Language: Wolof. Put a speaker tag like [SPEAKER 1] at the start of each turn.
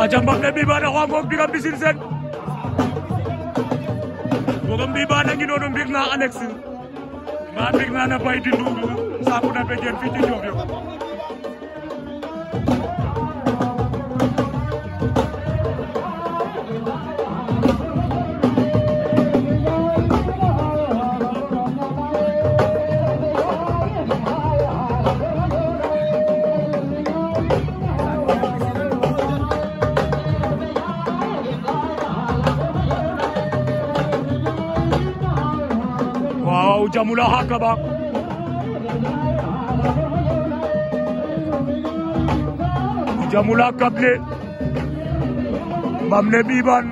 [SPEAKER 1] aca mbang ne Mbimane xoox moom mbigam mbisin sen fogam Mbimane a ngi noonu mbir na annexe ma mbir na na bay di nduur saku na bejen fi ci Diouf
[SPEAKER 2] Haujamula haka bak. Haujamula
[SPEAKER 3] kable. Mamne biban.